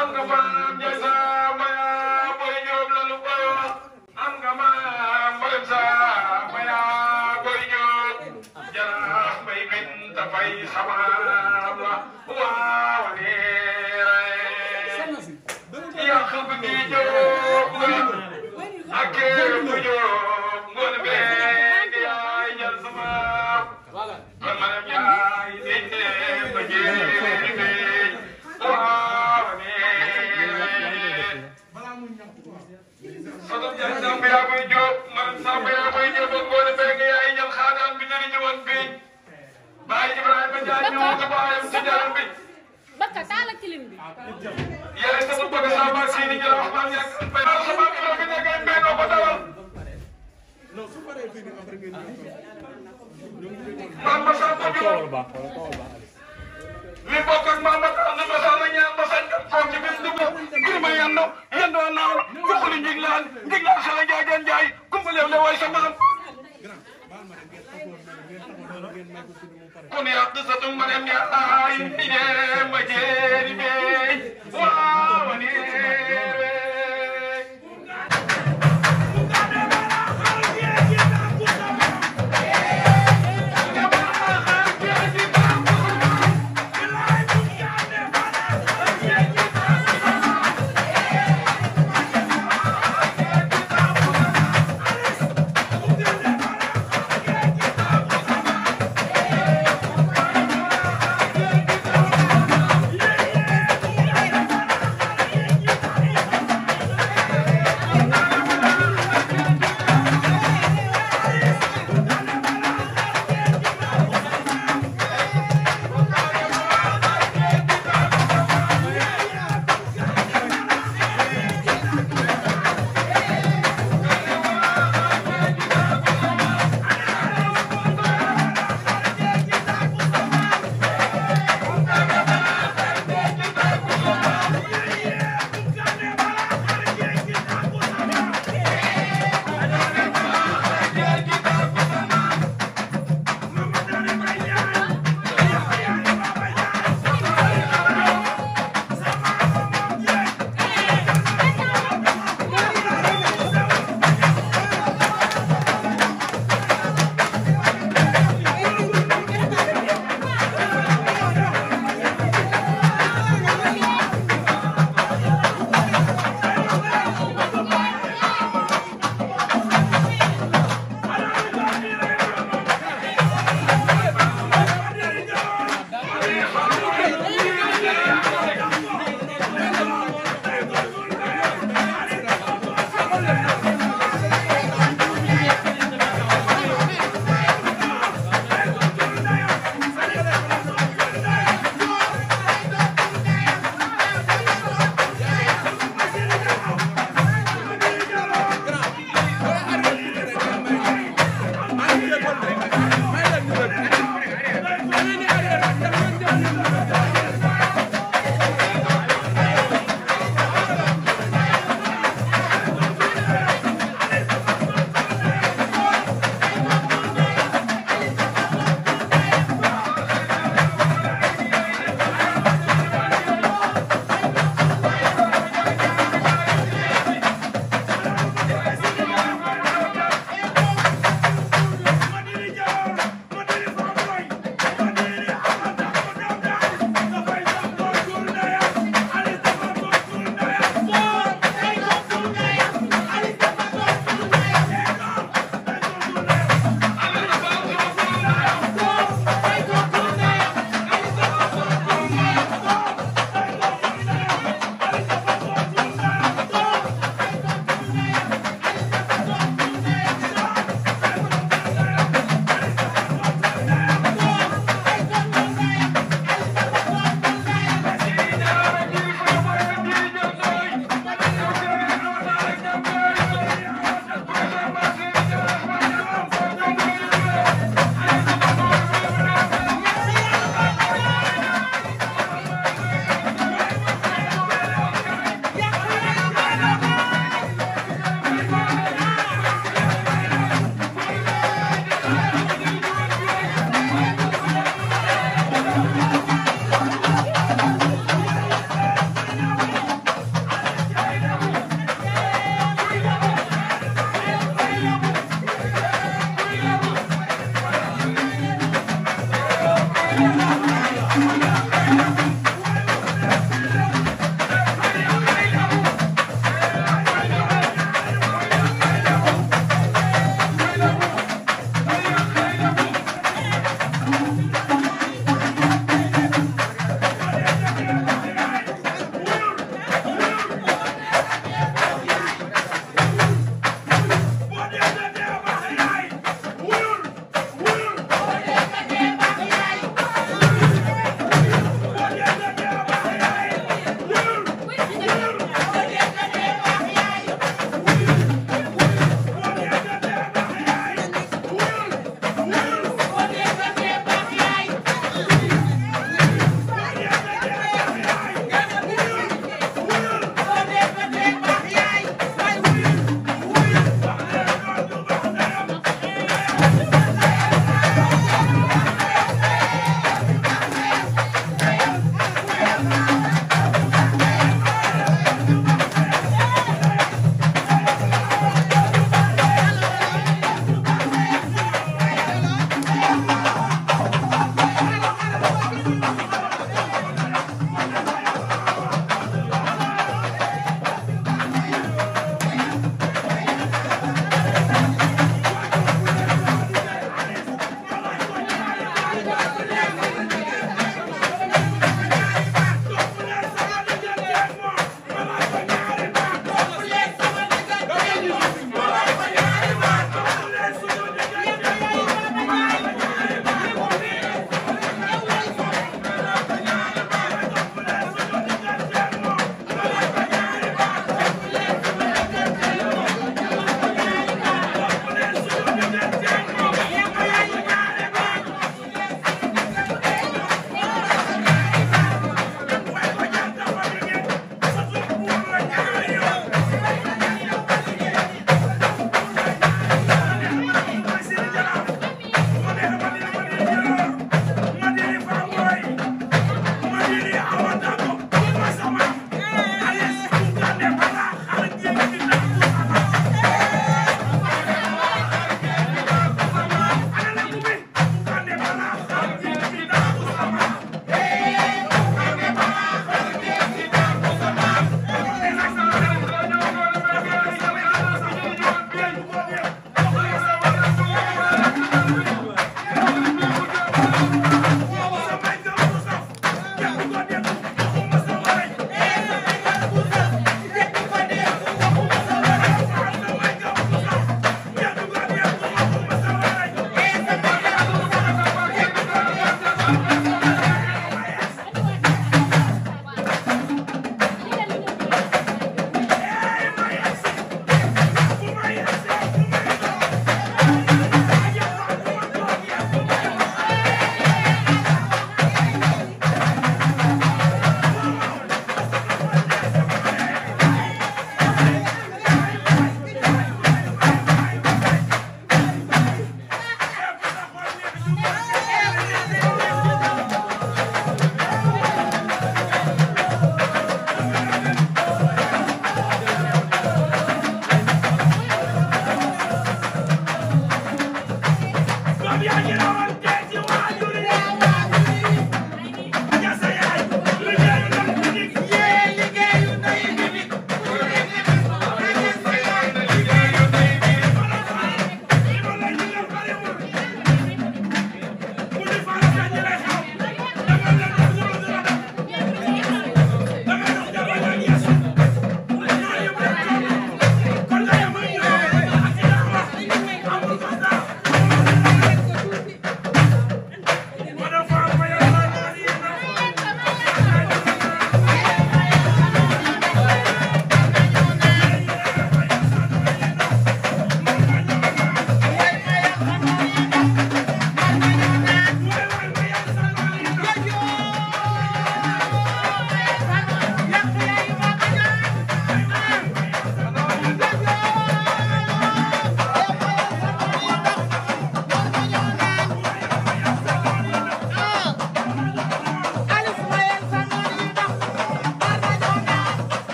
am na baanaam bakka taala kilim bi yàlla sama bëgg sama ba si ni jël wax ba ñak bay sama bi do nekk ay mbéy ko dawal non su paré fi ni après ngeen mama sa ko jox li bokk ak mama ta na ma sa na ñaan ma sañ ko ci bis du ko girma yando yando naaw ko ko ni ngig laan ngig laan sala jaajan jaay ko fa lew le way sa maam kuni raddisa tun maryam ya ayi ne majeri be wa wani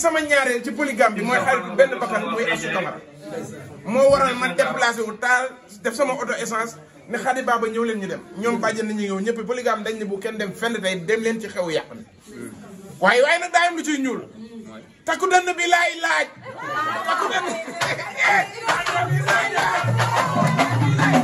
sama ñaareel ci polygame bi mooy xarit benn bakkan muy Astou Camara moo waral ma déplacé wu taal def sama auto essence ne Khady Baba ñëw leen ñu dem ñoom bàjjen nañu ñëw ñëpp polygame dañ ne bu kenn dem fenn tey dem leen ci xew yàq na waaye waaye nag daayam lu ciy ñuul takku dënn bi laay laaj takku dënn bi laay laaj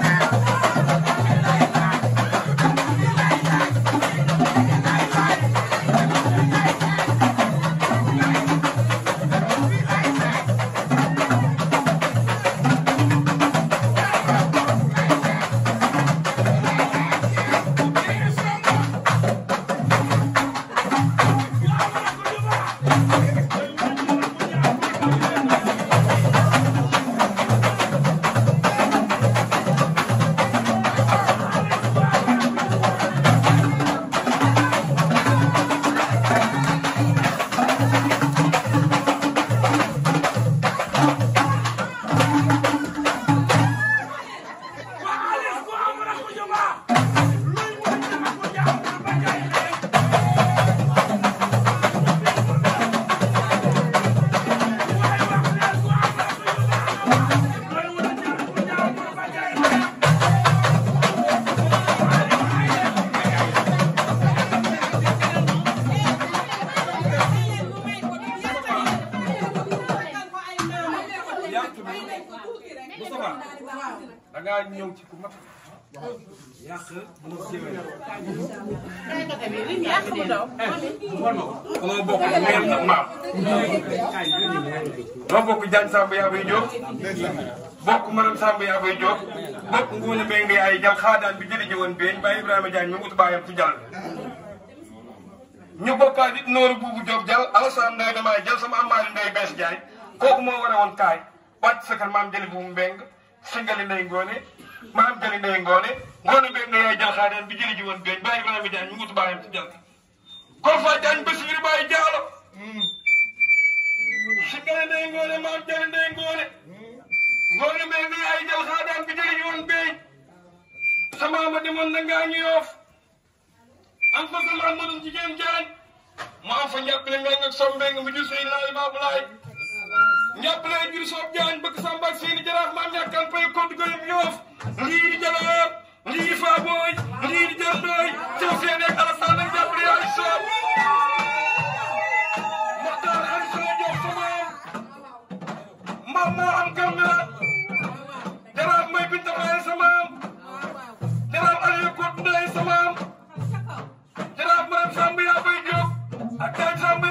Alain Samb yaa bay jóg bokk Maram Samb yaa bay jóg bokk jal xaadaan bi jëli jëwoon beeñ ba Ibrahima Diagne ñu ut baayam ci jàll. ñu bokkaat it nooru buubu Diop jal Alassane Ndeye damay jal sama amaari Ndeye Bees Diagne kooku moo war a woon kaay wàcc sa kër maam jëli bu mu Mbengue singali Ndeye Ngoone maam jëli Ndeye Ngoone Ngoone Mbengue yaay jal xaadaan bi jëli jëwoon beeñ Baye Ibrahima Diagne ñu ut baayam ci jàll. Kolfa Diagne ndey ngoone maam jaara ndey ngoone ngoone mbay mi ay jal xaadaan bi jëriñ woon béy sama na ngaa ñu am fa sama amadou jigéen jaañ mu fa njàppale mbeng ak som mbeng mu jur say laay baabu laay njàppale jur soob jaañ bëgg sàmba ak seeni jaraax maam ñàkkan pay kodd goyum yoof lii di jalaar lii di faabooy lii di jëndooy ca seen ak alasaan ak njàppale yaay soob maam gëm na la jaraaf may binta maay sa maam jaraaf Aliou Kout Ndeye sa maam jaraaf maam Samb yaa bay jóg ak Kaye Samb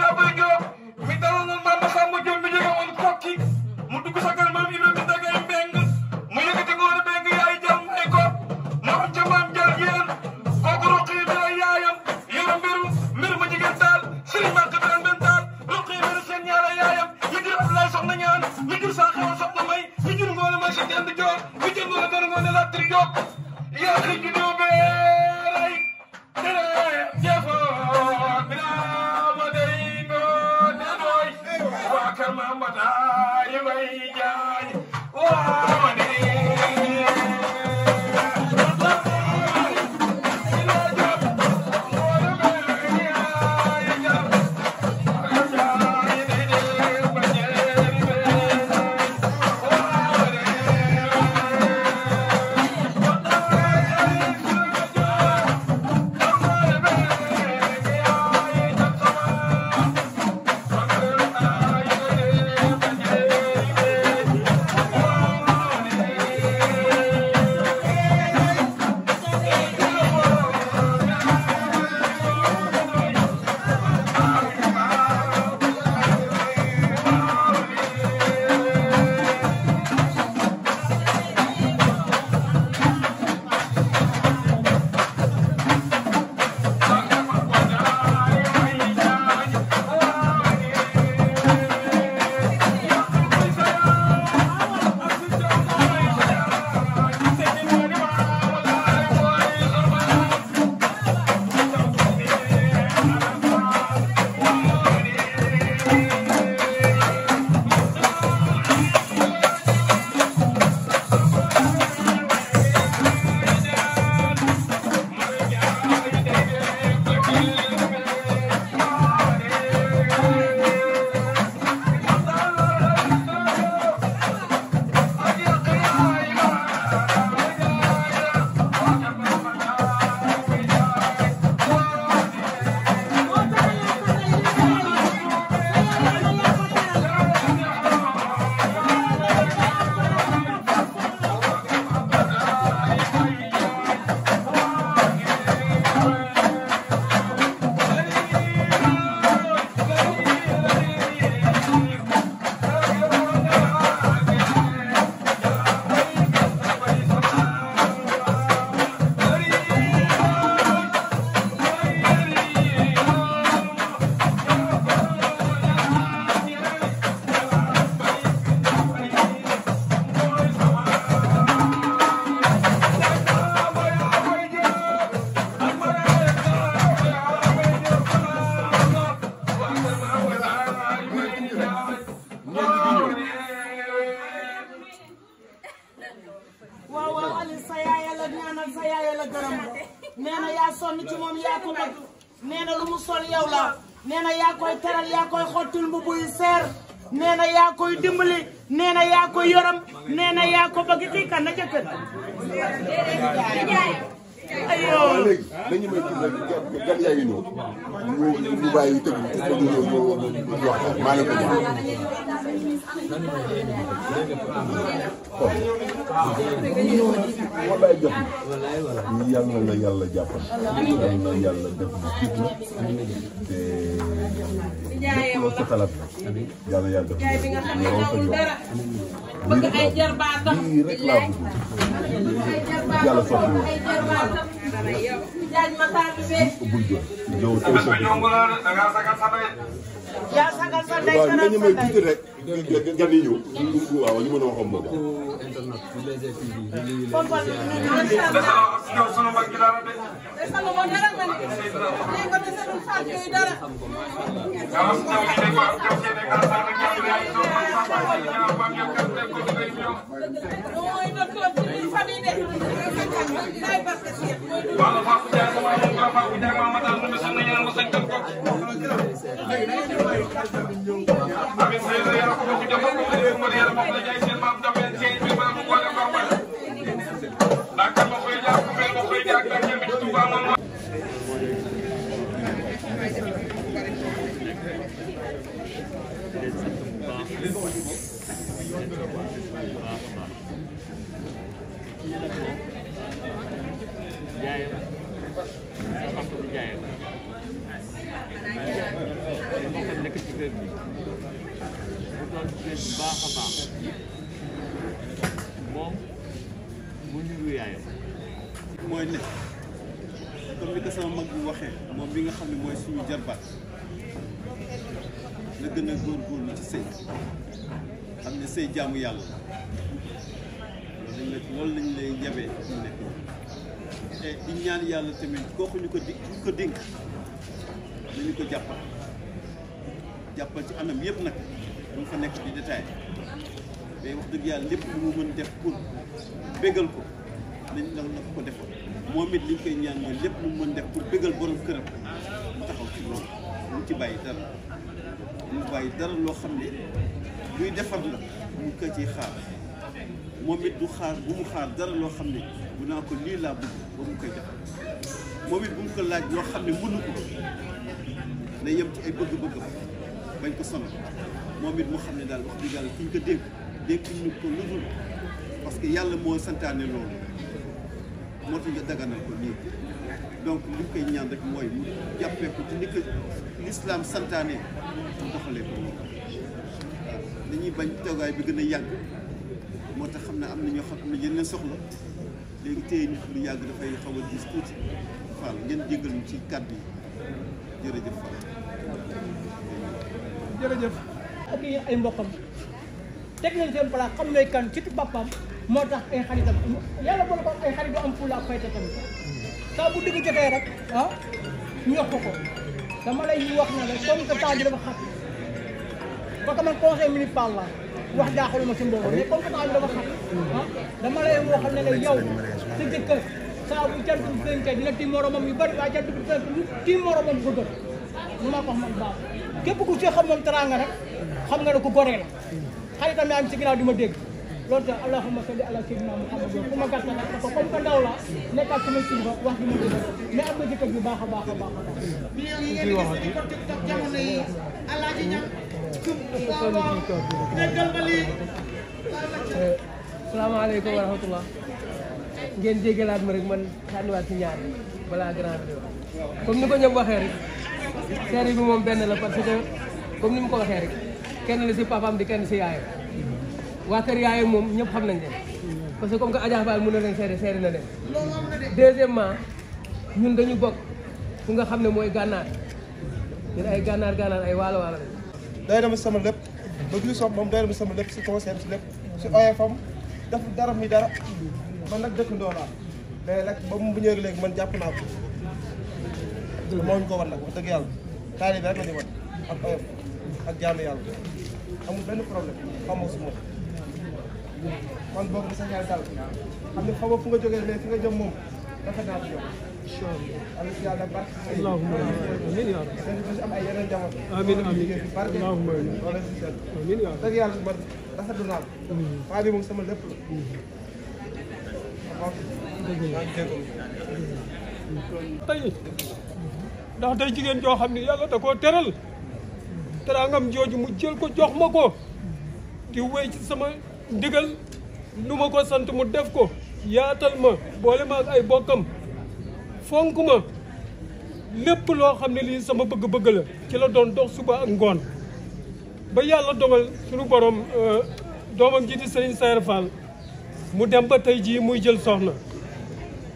kat yaa ngi ñëw ñu ñu bàyyi tëgg ñu ñu ñu ñu wax maa leen ko jox. kon wallaay jot na yal na la yàlla jàppal yal na yàlla def na jiitu te lépp loo sa xalaat yal na yàlla def na yow sa yow lii rek laa bëgg lii rek laa bëgg yàlla soxla yow tey sa bëgg. waaw nga ñemee tuuti rek. gan yi ñëw. waaw ñu mën a waxoon moom. fan yi nekk day barke seet mooy dund. waaw maa ko jaar sama yoon maa ko jaar maa ma taal mu ne sax nañu naan ma sañ tam ko. Habib Seye la yàlla ko ma ci defal ko ma defal ma yàlla moom la jaay seen maam dafay seen bi maam boole ko ma. ndax kan ma koy jaar ku mel ma koy jaar yaayam mooy ne bi nga xam ne mooy suñu gën a góorgóorlu ci sëy xam ne sëy jaamu yàlla loolu lañ la loolu lañ lay nekk yàlla tamit kooku ñu ko di ñu ko dénk nañu ko jàppal jàppal ci anam yëpp nag du fa nekk di détail mais wax dëgg yàlla lépp lu mu mën def pour bégal ko nañ la la ko defal moom it liñ koy ñaan mooy lépp lu mën def pour bégal borom këram mu taxaw ci loolu mu ci bàyyi dara mu bàyyi dara loo xam ne luy defar la mu ko ciy xaar moom it bu xaar loo xam ne bu naa ko lii laa bëgg mu koy defar moom it bu mu ko laaj loo xam ne mënu ko na yem ci ay bëgg-bëggam bañ ko sonal moom it mu xam ne daal wax dëgg yàlla ki ñu ko dégg dégg ñu ko ludul parce yàlla moo santaane loolu moo tax ñu daganal ko nii donc li koy ñaan rek mooy mu jàppee ko ci ni ko santaane mu dañuy bañ toogaay bi gën a yàgg moo tax xam ne am na ñoo xam ne yeneen soxla léegi téye nit lu yàgg dafay xaw a gis tuuti Fall ngeen jéggal ci kàdd yi jërëjëf Fall jërëjëf ak ay mbokkam teg nañ seen place xam ne kan ci boppam moo tax ay xaritam yàlla boole ko ay xarit du am fulla ak fayda tamit saa bu dëgg jotee rek ah ñu yokk ko dama lay wax na la comme que temps bi dafa xat parce que man conseil municipal la wax jaaxaluma si mbooloo mais comme que temps bi dafa xat ah dama lay wax ne la yow sa jëkkër saa bu jant bu fenkee dina tiim moromam yu bari waaye jant bu fenk lu tiim moromam ko gën nu ma ko wax man baax képp ku see xam moom teraanga rek xam nga ne ku goree la xaritam yaa ngi si ginnaaw di ma dégg loolu tax allahumma salli ala sayyidina Muhammad ku ma gàttal ak ko comme que ndaw la nekkaat sama kilifa wax ji ma dëgg mais am na jëkkër bu baax a baax a baax a baax. millions yi ngeen di gis di ko tiktok jamono yi alaaji ñam cum déggal ma lii salaamaaleykum wa rahmatullah ngeen déggalaat ma rek man sànniwaat si ñaar balaa grand bi wax comme ni ko ñëpp waxee rek série bi moom benn la parce que comme ni mu ko waxee rek kenn la si papaam di kenn si yaayam waa kër moom ñëpp xam nañ leen parce que comme que Adja Fall mën na leen seede seede na leen ñun dañu bokk fu nga xam ne mooy gànnaar ñun ay gànnaar gànnaar ay waalo waalo day dama sama lépp ba ñu soog moom day dama sama lépp si conseil si lépp si oyofam def dara mi dara man nag dëkk ndoolaa mais nag ba mu ñëwee léegi man jàpp naa ko ko wan nag wax dëgg yàlla taalibe rek la ñu wan ak oyof ak jaamu yàlla amul benn problème xamoo kon boobu sa ñaar daal xam ne xaw ma fu nga jógee mais fi nga jëm moom dafa naa fi jóg. incha allah am na si yàlla bi moom sama lépp la. tey ndax jigéen joo xam ne yàlla te koo teral teraangam jooju mu jël ko jox ma ko di wéy ci sama ndigal lu ma ko sant mu def ko yaatal ma boole ma ak ay bokkam fonk ma lépp loo xam ne lii sama bëgg-bëgg la ci la doon dox suba ak ngoon ba yàlla dogal suñu borom euh, doomam ji di Serigne Saer Fall mu dem ba tey jii muy jël soxna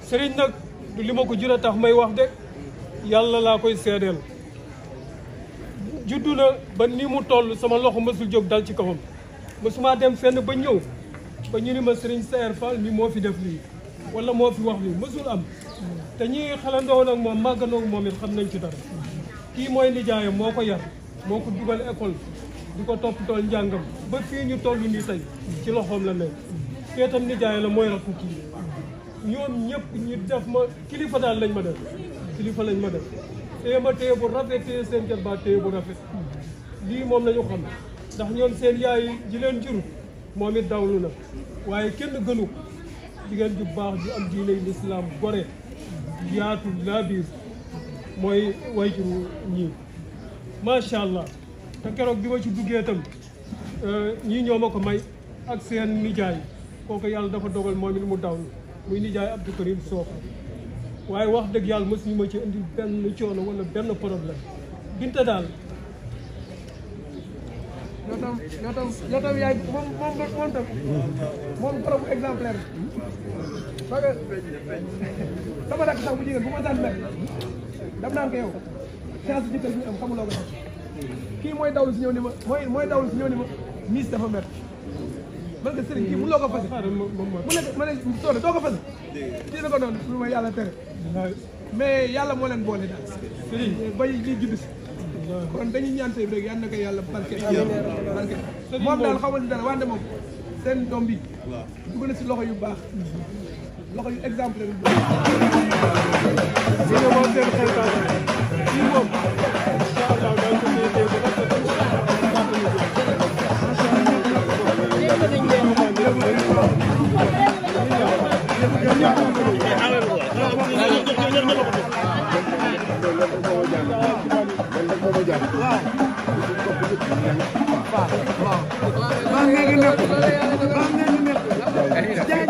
Serigne nag du li ma ko jur a tax may wax de yàlla laa koy seedeel juddu na ba ni mu toll sama loxo mësul jóg dal ci kawam. mësuma dem fenn ba ñëw ba ñu ni ma Serigne Saer Fall mi moo fi def lii wala moo fi wax lii mësul am te ñi xalandoo nag moom màgganook moom it xam nañ ci dara kii mooy nijaayam moo ko yar moo ko dugal école di ko toppatool njàngam ba fii ñu toll nii tey ci loxoom la nekk kee itam nijaay la mooy rakku kii ñoom ñëpp ñu def ma kilifa daal lañ ma def kilifa lañ ma def téye ma téye bu rafet téye seen jot ba bu rafet lii moom la ñu xam ndax ñoom seen yaay ji leen jur moom it la na waaye kenn gënu jigéen ju baax ju am diine lislaam gore yaatu laabiir mooy wayjuru ñii macha allah te keroog bi ma ci duggee itam euh, ñii ñoo ma ko may ak seen nijaay kooku yàlla dafa dogal moom it mu dawlu muy nijaay Abdou Karim Sooka waaye wax dëgg yàlla mësuñu ma ci indi benn coono wala benn problème binte daal yoo tam yoo tam yoo tam yaay moom moom moom tam moom trop exemplaire parce que sama rakk sax bu jigéen bu ma daan mel dam naan ko yow chance bi kii mooy dawlu si ñëw ni ma mooy mooy dawlu si ñëw ni ma miis dafa mer man nga sëriñ kii mënuloo ko fas mu nekk ma ne soode doo ko fas kii na ko noonu lu ma yàlla tere mais yàlla moo leen boole daal sëriñ bay ji judd si kon dañuy ñaan sëy bi rek yal na ko yàlla barke barke moom daal xamal dara wante moom seen doom bi dugg si loxo yu baax loxo yu exemple yu baax moom seen xel ko jàpp waaw waaw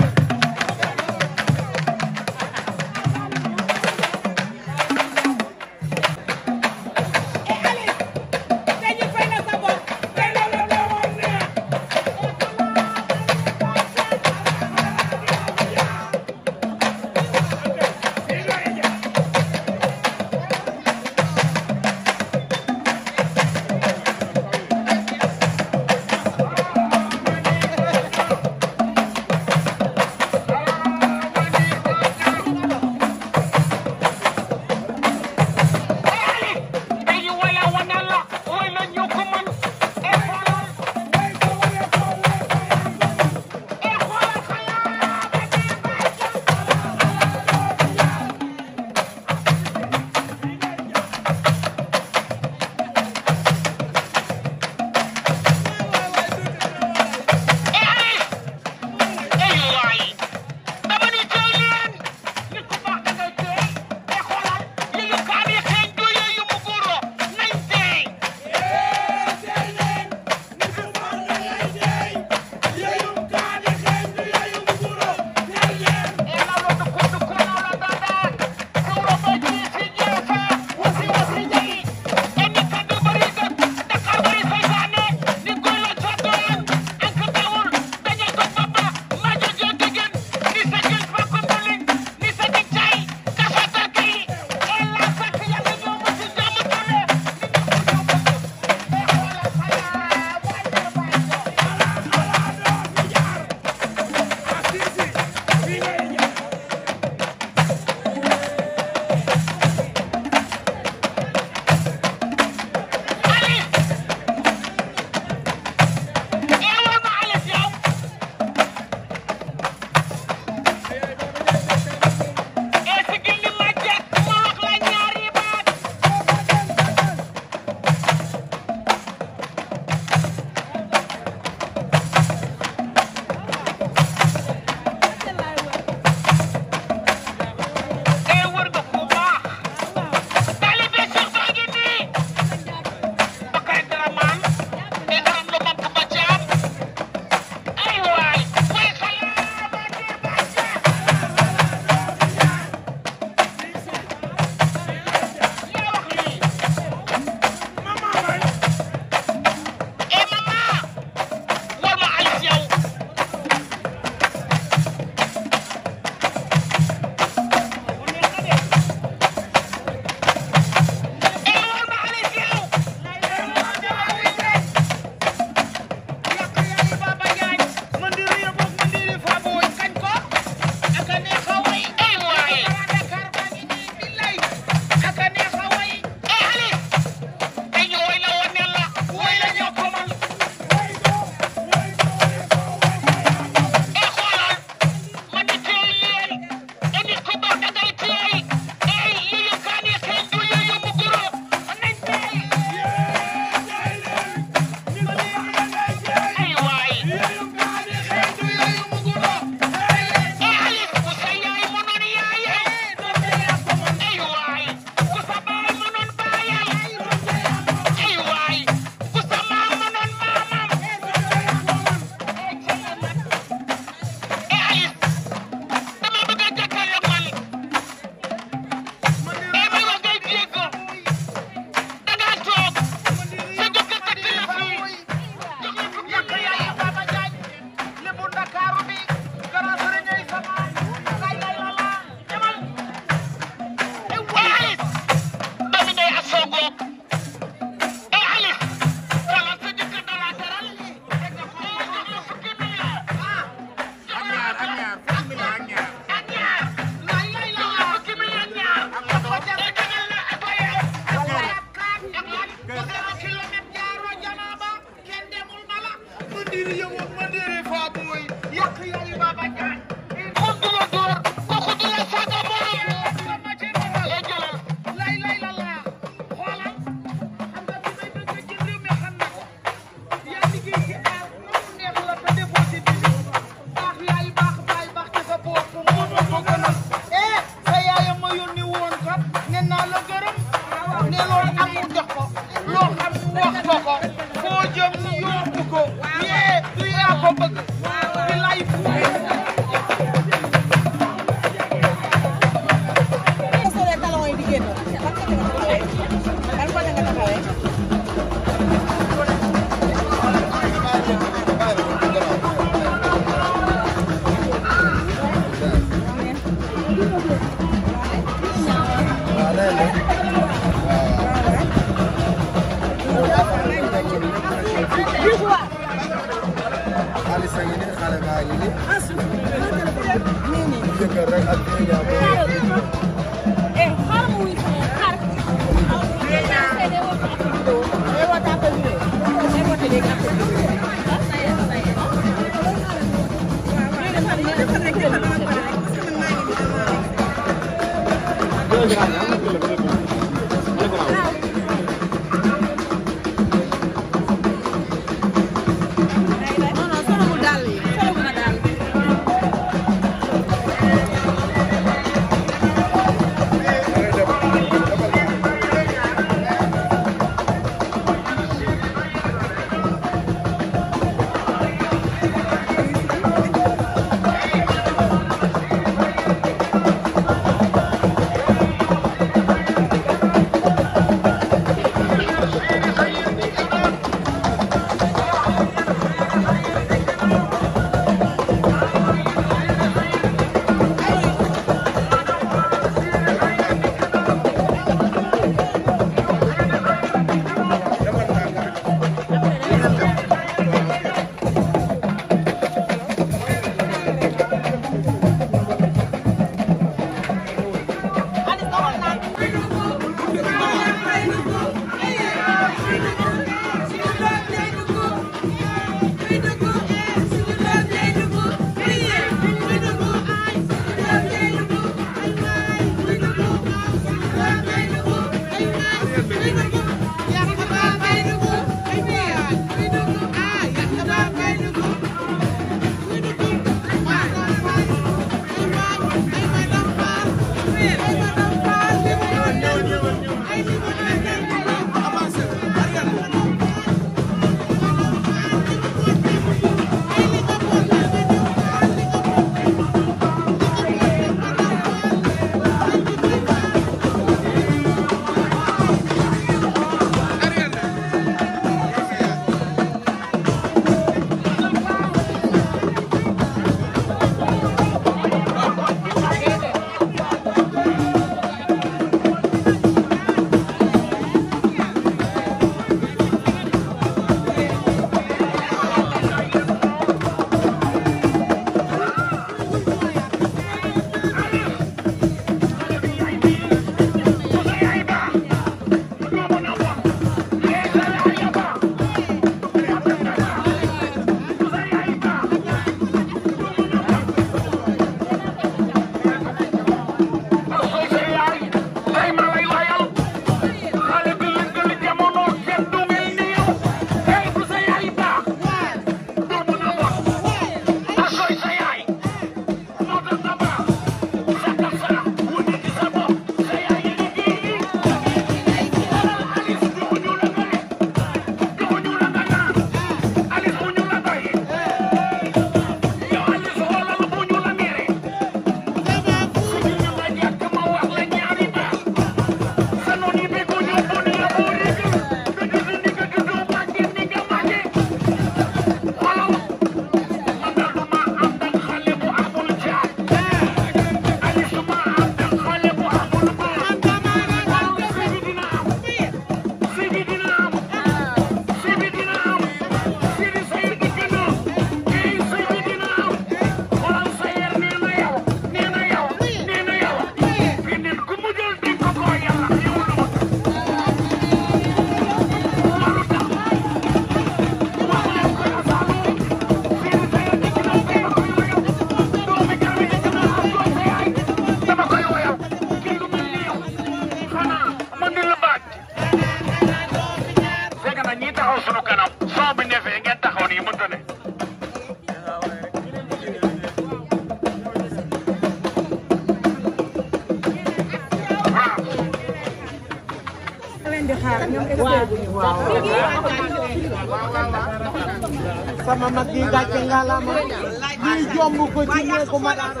romb ko ci ne ko ma daan xam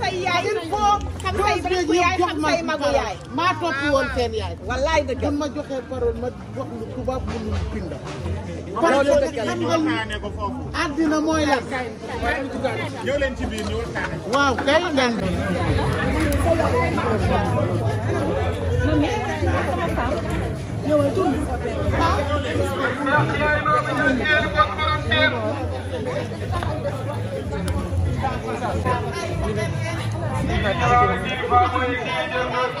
say yaay xam say bëriku yaay xam say magu yaay maa topp woon seen yaay wallaay dëgg la ma joxee parole ma jox lu tubaab bu lu pinda loolu dëgg la àddina mooy lan ñëw leen ci biir ñu waxtaane waaw kay gan ñëwal Thank you.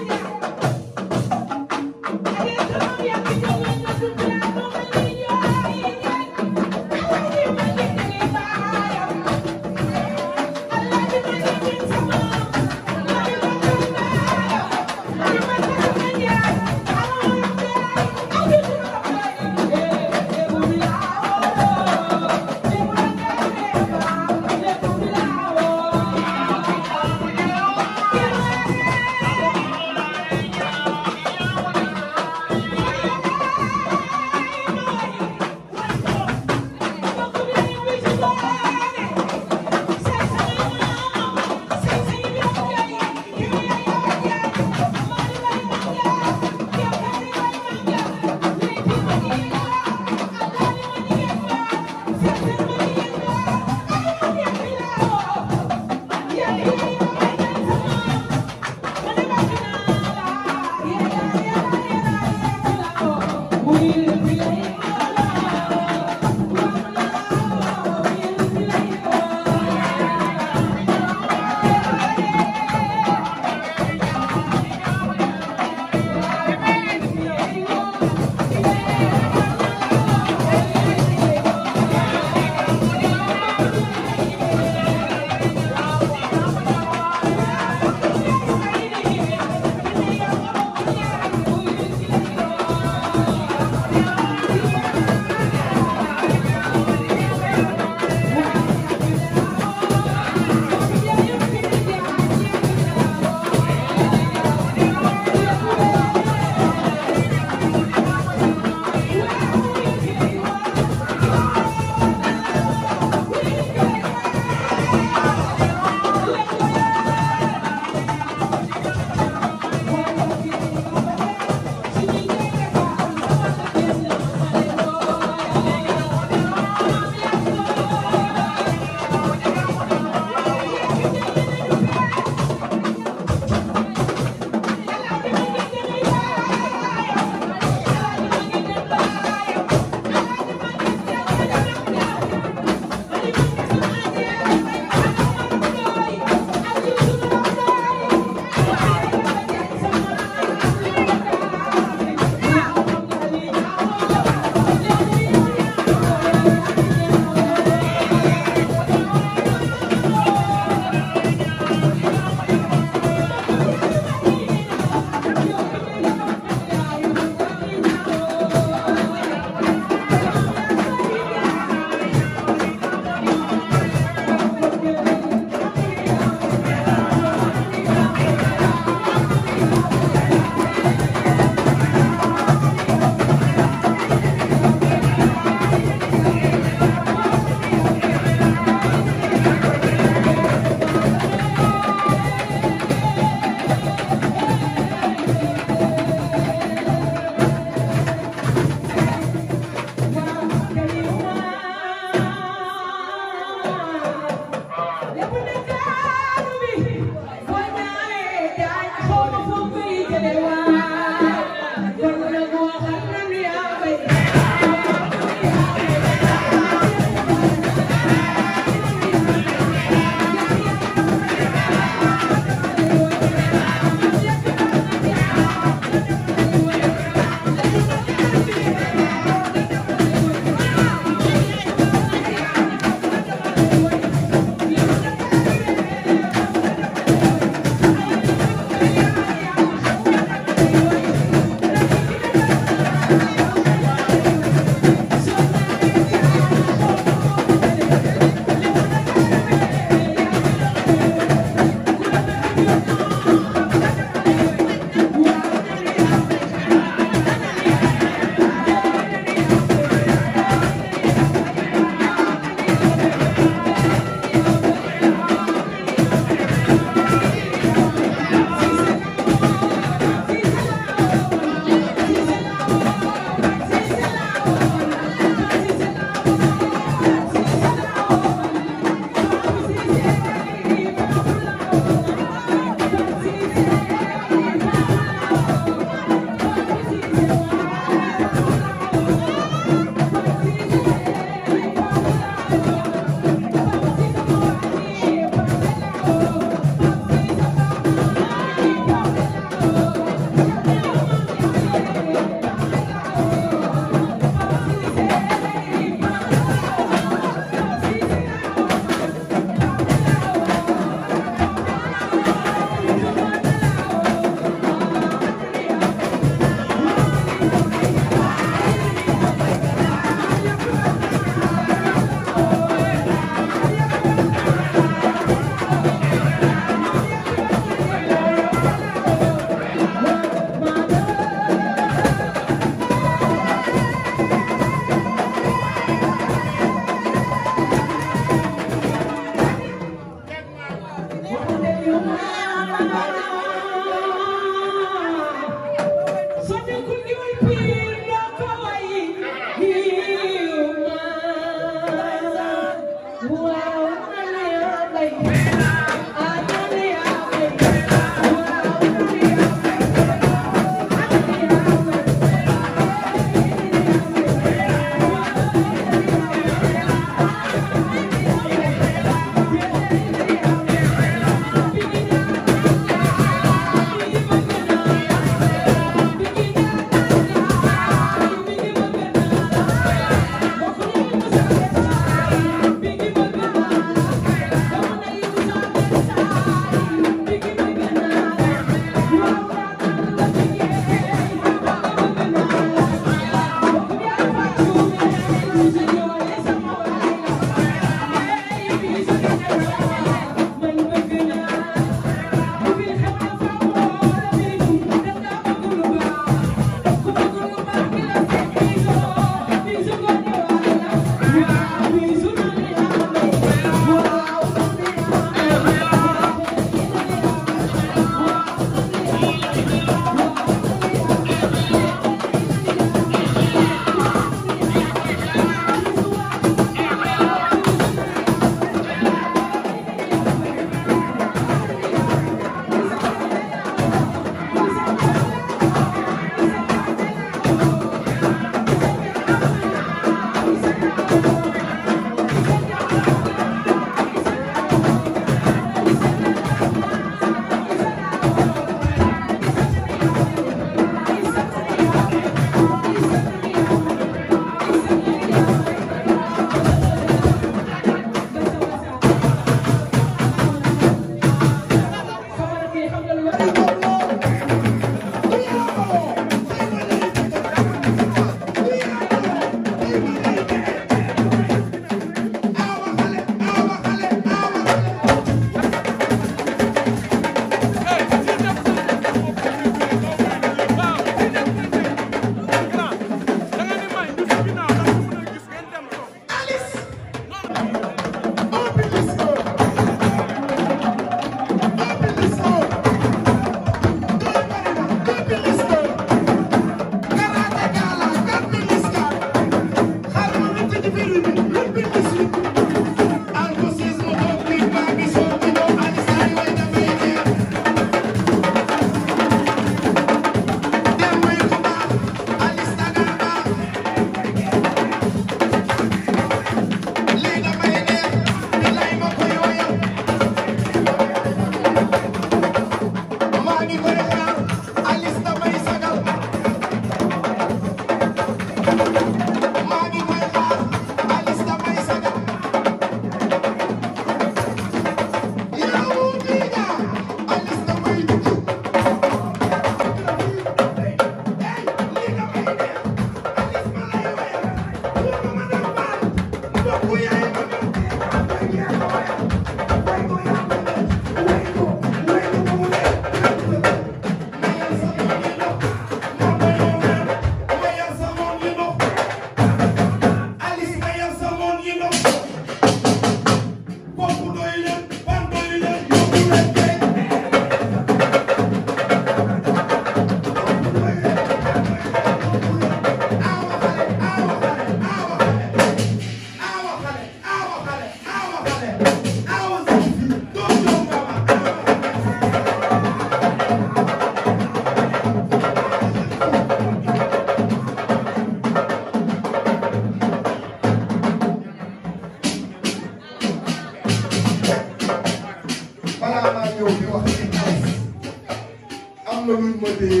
xale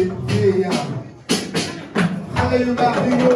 yu baax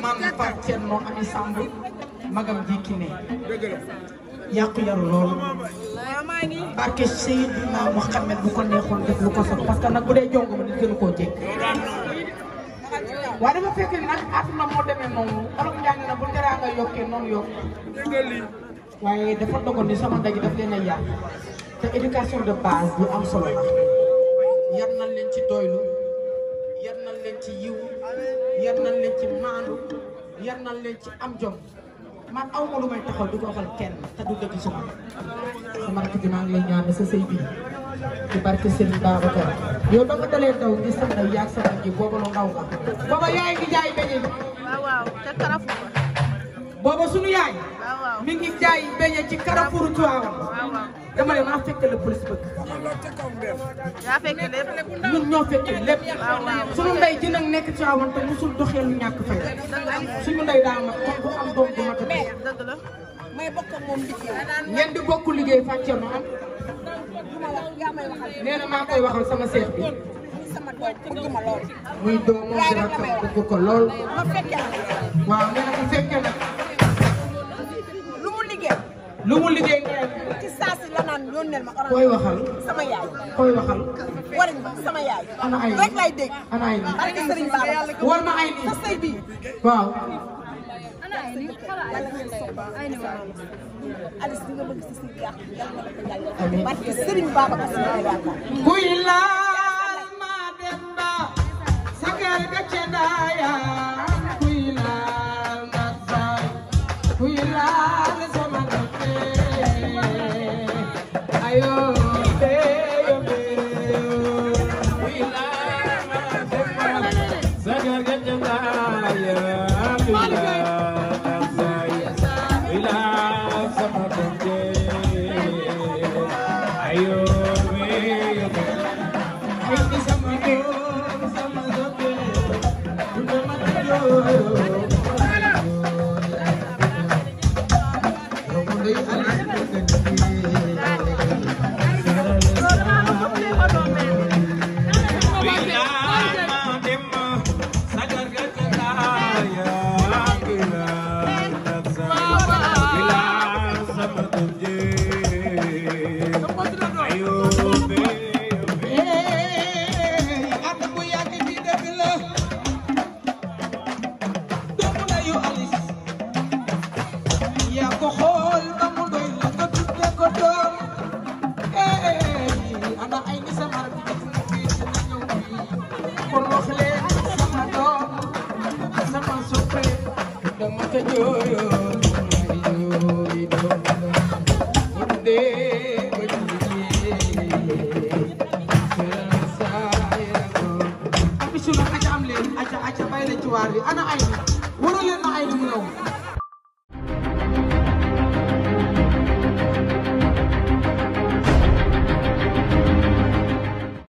man par Thierno Ami Samb magam ji ki ne yàqu yaru lool barke Seydina Muhammad bu ko neexoon def lu ko sax parce que nag bu dee jongo ma nit gënu koo jekk waaye dafa fekk nag àdduna moo demee noonu olof bu ni sama ndaje daf leen a te éducation de base bu am solo la yar nañ leen ci doylu yar nañ leen ci yiw yar nañ leen ci maandu yar nañ leen ci am jom man aw ma lu may taxaw di ko waxal kenn te du dëgg suma sama rakk ji maa ngi lay sa sëy bii ci barke Serigne Babacar yow ba nga dalee daw gis sa sa rakk ji booba lu ndaw nga booba yaay ngi jaay beñe waaw waaw te Carrefour booba sunu yaay mi ngi jaay beñe ci Carrefour Tivaouane dama ne maa fekk la police bëgg. yaa fekk lépp. ñun ñoo fekk lépp. suñu ndey ji nag nekk ci awoon te musul doxee lu ñàkk fay. suñu ndey daa mat am doom bu mat a dëgg la. may bokk ak moom liggéey. ngeen di bokk liggéey fàcce ma am. nee na maa koy wax sama seex bi. muy doomu giraata bëgg ko lool. waaw nee lu mu liggéey. lu mu liggéey. war ma ay nii. sa la ko yàlla. amiin barke sëriñ ayo